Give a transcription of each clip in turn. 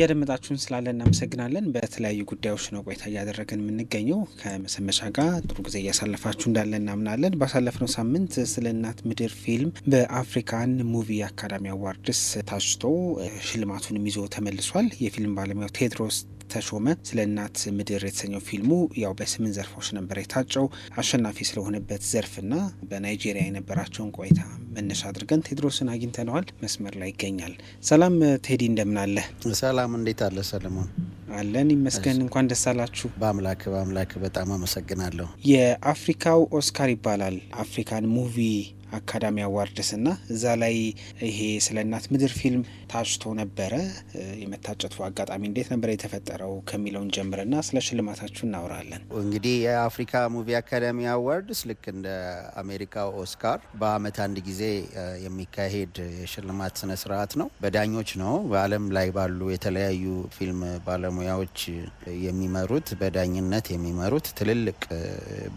ያደመጣችሁን ስላለ እናመሰግናለን። በተለያዩ ጉዳዮች ነው ቆይታ እያደረግን የምንገኘው። ከመሰንበቻ ጋር ጥሩ ጊዜ እያሳለፋችሁ እንዳለ እናምናለን። ባሳለፍነው ሳምንት ስለ እናት ምድር ፊልም በአፍሪካን ሙቪ አካዳሚ አዋርድስ ታጭቶ ሽልማቱንም ይዞ ተመልሷል። የፊልም ባለሙያው ቴድሮስ ተሾመ ስለ እናት ምድር የተሰኘው ፊልሙ ያው በስምንት ዘርፎች ነበር የታጨው። አሸናፊ ስለሆነበት ዘርፍና በናይጄሪያ የነበራቸውን ቆይታ መነሻ አድርገን ቴድሮስን አግኝተነዋል። መስመር ላይ ይገኛል። ሰላም ቴዲ፣ አለ? ሰላም፣ እንዴት አለ ሰለሞን? አለን ይመስገን። እንኳን ደስ አላችሁ። በአምላክ በአምላክ በጣም አመሰግናለሁ። የአፍሪካው ኦስካር ይባላል። አፍሪካን ሙቪ አካዳሚ አዋርድስ ና እዛ ላይ ይሄ ስለ እናት ምድር ፊልም ታጭቶ ነበረ። የመታጨቱ አጋጣሚ እንዴት ነበረ የተፈጠረው ከሚለውን ና ስለ ሽልማታችሁ እናወራለን። እንግዲህ የአፍሪካ ሙቪ አካዳሚ አዋርድስ ልክ እንደ አሜሪካው ኦስካር በአመት አንድ ጊዜ የሚካሄድ የሽልማት ስነ ስርዓት ነው። በዳኞች ነው። በአለም ላይ ባሉ የተለያዩ ፊልም ባለሙያዎች የሚመሩት በዳኝነት የሚመሩት ትልልቅ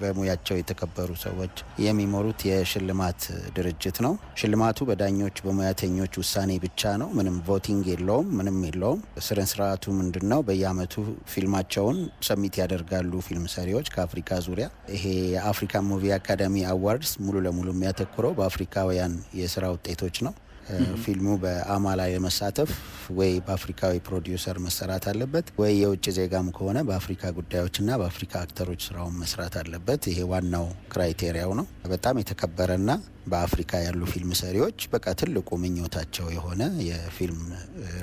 በሙያቸው የተከበሩ ሰዎች የሚመሩት የሽልማት ድርጅት ነው። ሽልማቱ በዳኞች በሙያተኞች ውሳኔ ብቻ ነው። ምንም ቮቲንግ የለውም፣ ምንም የለውም። ስነ ስርዓቱ ምንድን ነው? በየአመቱ ፊልማቸውን ሰሚት ያደርጋሉ ፊልም ሰሪዎች ከአፍሪካ ዙሪያ። ይሄ የአፍሪካ ሙቪ አካዳሚ አዋርድስ ሙሉ ለሙሉ የሚያተኩረው በአፍሪካውያን የስራ ውጤቶች ነው። ፊልሙ በአማላ የመሳተፍ ወይ በአፍሪካዊ ፕሮዲውሰር መሰራት አለበት ወይ የውጭ ዜጋም ከሆነ በአፍሪካ ጉዳዮችና በአፍሪካ አክተሮች ስራውን መስራት አለበት። ይሄ ዋናው ክራይቴሪያው ነው። በጣም የተከበረና በአፍሪካ ያሉ ፊልም ሰሪዎች በቃ ትልቁ ምኞታቸው የሆነ የፊልም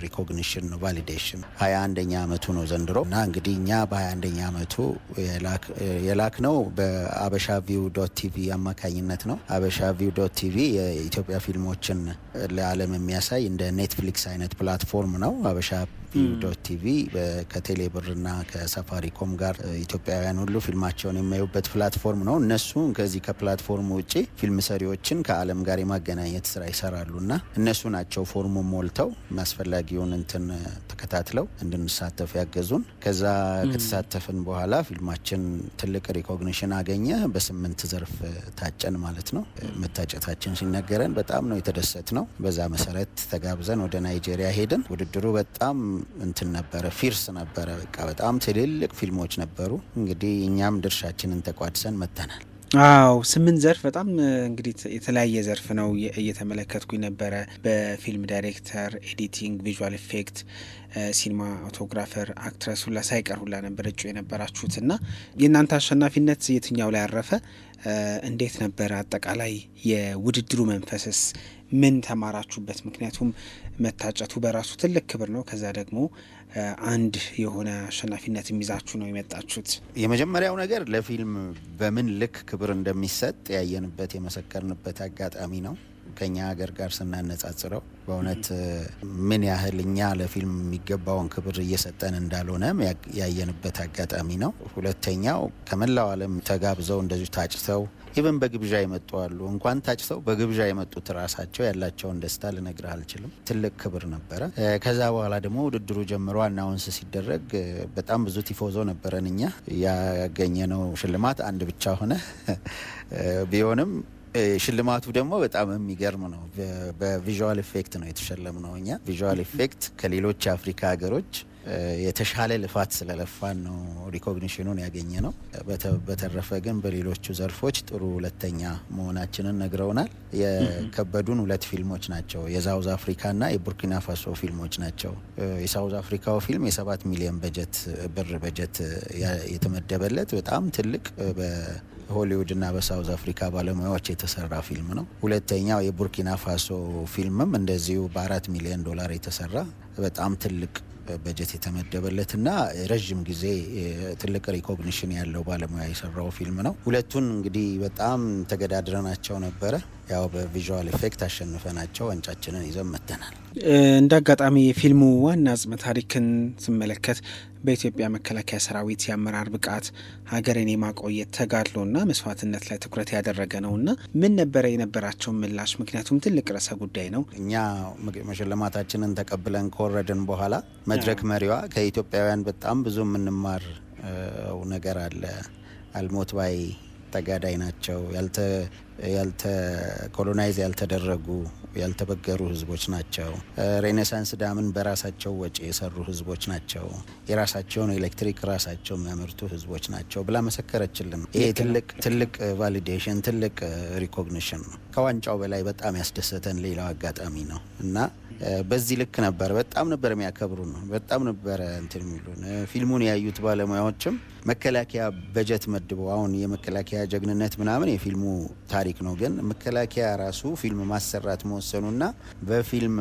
ሪኮግኒሽን ነው፣ ቫሊዴሽን። ሀያ አንደኛ አመቱ ነው ዘንድሮ እና እንግዲህ እኛ በሀያ አንደኛ አመቱ የላክ ነው በአበሻ ቪው ዶት ቲቪ አማካኝነት ነው። አበሻ ቪው ዶት ቲቪ የኢትዮጵያ ፊልሞችን ለዓለም የሚያሳይ እንደ ኔትፍሊክስ አይነት ፕላትፎርም ነው። አበሻ ዶት ቲቪ ከቴሌብርና ከሳፋሪኮም ጋር ኢትዮጵያውያን ሁሉ ፊልማቸውን የሚያዩበት ፕላትፎርም ነው። እነሱ ከዚህ ከፕላትፎርም ውጭ ፊልም ሰሪዎችን ከዓለም ጋር የማገናኘት ስራ ይሰራሉና እነሱ ናቸው ፎርሙ ሞልተው አስፈላጊውን እንትን ተከታትለው እንድንሳተፍ ያገዙን። ከዛ ከተሳተፍን በኋላ ፊልማችን ትልቅ ሪኮግኒሽን አገኘ። በስምንት ዘርፍ ታጨን ማለት ነው። መታጨታችን ሲነገረን በጣም ነው የተደሰት ነው። በዛ መሰረት ተጋብዘን ወደ ናይጄሪያ ሄድን። ውድድሩ በጣም እንትን ነበረ፣ ፊርስ ነበረ። በቃ በጣም ትልልቅ ፊልሞች ነበሩ። እንግዲህ እኛም ድርሻችንን ተቋድሰን መጥተናል። አዎ ስምንት ዘርፍ በጣም እንግዲህ የተለያየ ዘርፍ ነው እየተመለከትኩኝ ነበረ። በፊልም ዳይሬክተር፣ ኤዲቲንግ፣ ቪዥዋል ኢፌክት፣ ሲኒማ ኦቶግራፈር፣ አክትረስ ሁላ ሳይቀር ሁላ ነበር እጩ የነበራችሁት እና የእናንተ አሸናፊነት የትኛው ላይ አረፈ? እንዴት ነበረ አጠቃላይ የውድድሩ መንፈስስ ምን ተማራችሁበት? ምክንያቱም መታጨቱ በራሱ ትልቅ ክብር ነው። ከዛ ደግሞ አንድ የሆነ አሸናፊነት የሚዛችሁ ነው የመጣችሁት። የመጀመሪያው ነገር ለፊልም በምን ልክ ክብር እንደሚሰጥ ያየንበት የመሰከርንበት አጋጣሚ ነው። ከኛ ሀገር ጋር ስናነጻጽረው በእውነት ምን ያህል እኛ ለፊልም የሚገባውን ክብር እየሰጠን እንዳልሆነም ያየንበት አጋጣሚ ነው። ሁለተኛው ከመላው ዓለም ተጋብዘው እንደዚሁ ታጭተው ኢቨን በግብዣ ይመጡ አሉ። እንኳን ታጭተው በግብዣ የመጡት ራሳቸው ያላቸውን ደስታ ልነግር አልችልም። ትልቅ ክብር ነበረ። ከዛ በኋላ ደግሞ ውድድሩ ጀምሮ አናውንስ ሲደረግ በጣም ብዙ ቲፎዞ ነበረን። እኛ ያገኘነው ሽልማት አንድ ብቻ ሆነ ቢሆንም ሽልማቱ ደግሞ በጣም የሚገርም ነው። በቪዥዋል ኢፌክት ነው የተሸለም ነው። እኛ ቪዥዋል ኢፌክት ከሌሎች የአፍሪካ ሀገሮች የተሻለ ልፋት ስለለፋን ነው ሪኮግኒሽኑን ያገኘ ነው። በተረፈ ግን በሌሎቹ ዘርፎች ጥሩ ሁለተኛ መሆናችንን ነግረውናል። የከበዱን ሁለት ፊልሞች ናቸው፣ የሳውዝ አፍሪካና የቡርኪና ፋሶ ፊልሞች ናቸው። የሳውዝ አፍሪካው ፊልም የሰባት ሚሊዮን በጀት ብር በጀት የተመደበለት በጣም ትልቅ ሆሊውድና በሳውዝ አፍሪካ ባለሙያዎች የተሰራ ፊልም ነው። ሁለተኛው የቡርኪና ፋሶ ፊልምም እንደዚሁ በአራት ሚሊዮን ዶላር የተሰራ በጣም ትልቅ በጀት የተመደበለት እና ረዥም ጊዜ ትልቅ ሪኮግኒሽን ያለው ባለሙያ የሰራው ፊልም ነው። ሁለቱን እንግዲህ በጣም ተገዳድረናቸው ነበረ። ያው በቪዥዋል ኢፌክት አሸንፈናቸው ዋንጫችንን ይዘን መጥተናል። እንደ አጋጣሚ የፊልሙ ዋና ጽመ ታሪክን ስመለከት በኢትዮጵያ መከላከያ ሰራዊት የአመራር ብቃት ሀገርን የማቆየት ተጋድሎና መስዋዕትነት ላይ ትኩረት ያደረገ ነውና ምን ነበረ የነበራቸውን ምላሽ? ምክንያቱም ትልቅ ርዕሰ ጉዳይ ነው። እኛ መሸለማታችንን ተቀብለን ከወረድን በኋላ መድረክ መሪዋ ከኢትዮጵያውያን በጣም ብዙ የምንማር ነገር አለ አልሞት ባይ ተጋዳይ ናቸው፣ ያልተኮሎናይዝ ያልተደረጉ ያልተበገሩ ህዝቦች ናቸው፣ ሬኔሳንስ ዳምን በራሳቸው ወጪ የሰሩ ህዝቦች ናቸው፣ የራሳቸውን ኤሌክትሪክ ራሳቸው የሚያመርቱ ህዝቦች ናቸው ብላ መሰከረችልን። ይሄ ትልቅ ቫሊዴሽን፣ ትልቅ ሪኮግኒሽን ነው። ከዋንጫው በላይ በጣም ያስደሰተን ሌላው አጋጣሚ ነው እና በዚህ ልክ ነበር። በጣም ነበር የሚያከብሩን፣ በጣም ነበረ እንትን የሚሉን። ፊልሙን ያዩት ባለሙያዎችም መከላከያ በጀት መድበው አሁን የመከላከያ ጀግንነት ምናምን የፊልሙ ታሪክ ነው። ግን መከላከያ ራሱ ፊልም ማሰራት መወሰኑና በፊልም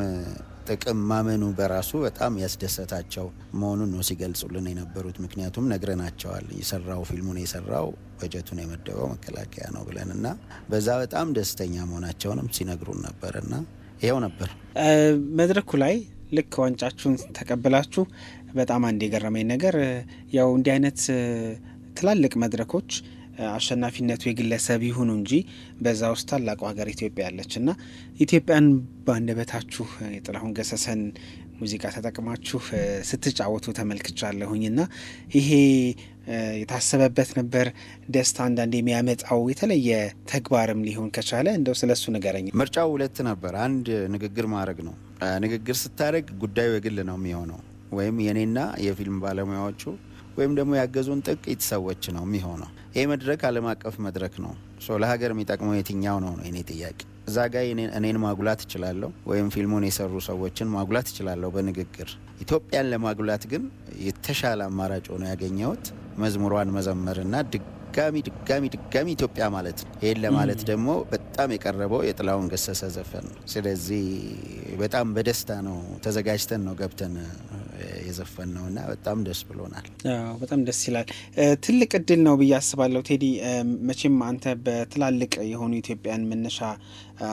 ጥቅም ማመኑ በራሱ በጣም ያስደሰታቸው መሆኑን ነው ሲገልጹልን የነበሩት። ምክንያቱም ነግረናቸዋል። የሰራው ፊልሙን የሰራው በጀቱን የመደበው መከላከያ ነው ብለን እና በዛ በጣም ደስተኛ መሆናቸውንም ሲነግሩን ነበርና ይኸው ነበር። መድረኩ ላይ ልክ ዋንጫችሁን ተቀብላችሁ በጣም አንድ የገረመኝ ነገር ያው እንዲህ አይነት ትላልቅ መድረኮች አሸናፊነቱ የግለሰብ ይሁኑ እንጂ በዛ ውስጥ ታላቁ ሀገር ኢትዮጵያ ያለች እና ኢትዮጵያን በአንደበታችሁ የጥላሁን ገሰሰን ሙዚቃ ተጠቅማችሁ ስትጫወቱ ተመልክቻለሁኝ እና ይሄ የታሰበበት ነበር። ደስታ አንዳንድ የሚያመጣው የተለየ ተግባርም ሊሆን ከቻለ እንደው ስለሱ ንገረኝ። ምርጫው ሁለት ነበር። አንድ ንግግር ማድረግ ነው። ንግግር ስታደርግ ጉዳዩ የግል ነው የሚሆነው ወይም የኔና የፊልም ባለሙያዎቹ ወይም ደግሞ ያገዙን ጥቂት ሰዎች ነው የሚሆነው። ይህ መድረክ ዓለም አቀፍ መድረክ ነው። ለሀገር የሚጠቅመው የትኛው ነው ነው የኔ ጥያቄ። እዛ ጋ እኔን ማጉላት እችላለሁ፣ ወይም ፊልሙን የሰሩ ሰዎችን ማጉላት እችላለሁ በንግግር። ኢትዮጵያን ለማጉላት ግን የተሻለ አማራጭ ሆኖ ያገኘሁት መዝሙሯን መዘመርና ድጋሚ ድጋሚ ድጋሚ ኢትዮጵያ ማለት ነው። ይህን ለማለት ደግሞ በጣም የቀረበው የጥላሁን ገሰሰ ዘፈን ነው። ስለዚህ በጣም በደስታ ነው ተዘጋጅተን ነው ገብተን የዘፈን ነው እና በጣም ደስ ብሎናል። በጣም ደስ ይላል። ትልቅ እድል ነው ብዬ አስባለሁ። ቴዲ መቼም አንተ በትላልቅ የሆኑ ኢትዮጵያን መነሻ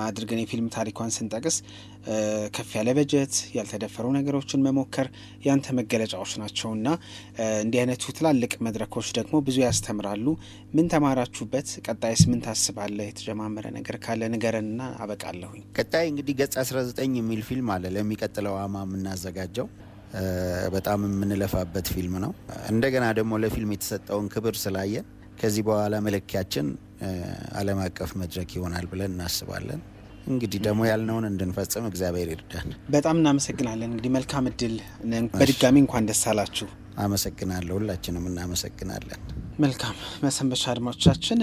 አድርገን የፊልም ታሪኳን ስንጠቅስ ከፍ ያለ በጀት፣ ያልተደፈሩ ነገሮችን መሞከር ያንተ መገለጫዎች ናቸው እና እንዲህ አይነቱ ትላልቅ መድረኮች ደግሞ ብዙ ያስተምራሉ። ምን ተማራችሁበት? ቀጣይስ ምን ታስባለህ? የተጀማመረ ነገር ካለ ንገረንና አበቃለሁኝ። ቀጣይ እንግዲህ ገጽ 19 የሚል ፊልም አለ ለሚቀጥለው አማ የምናዘጋጀው በጣም የምንለፋበት ፊልም ነው። እንደገና ደግሞ ለፊልም የተሰጠውን ክብር ስላየን ከዚህ በኋላ መለኪያችን ዓለም አቀፍ መድረክ ይሆናል ብለን እናስባለን። እንግዲህ ደግሞ ያልነውን እንድንፈጽም እግዚአብሔር ይርዳን። በጣም እናመሰግናለን። እንግዲህ መልካም እድል። በድጋሚ እንኳን ደስ አላችሁ። አመሰግናለሁ። ሁላችንም እናመሰግናለን። መልካም መሰንበቻ አድማጮቻችን፣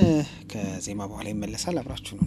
ከዜማ በኋላ ይመለሳል። አብራችሁ ነው